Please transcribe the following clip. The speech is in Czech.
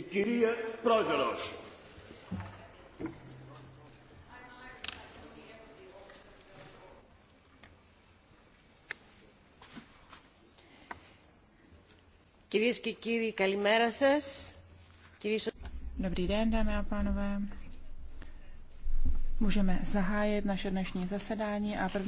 Κυρία Πρόεδρος. Κυρίες και κύριοι, καλημέρα σας. Dobrý den, dámy a pánové. Můžeme zahájit naše dnešní zasedání a první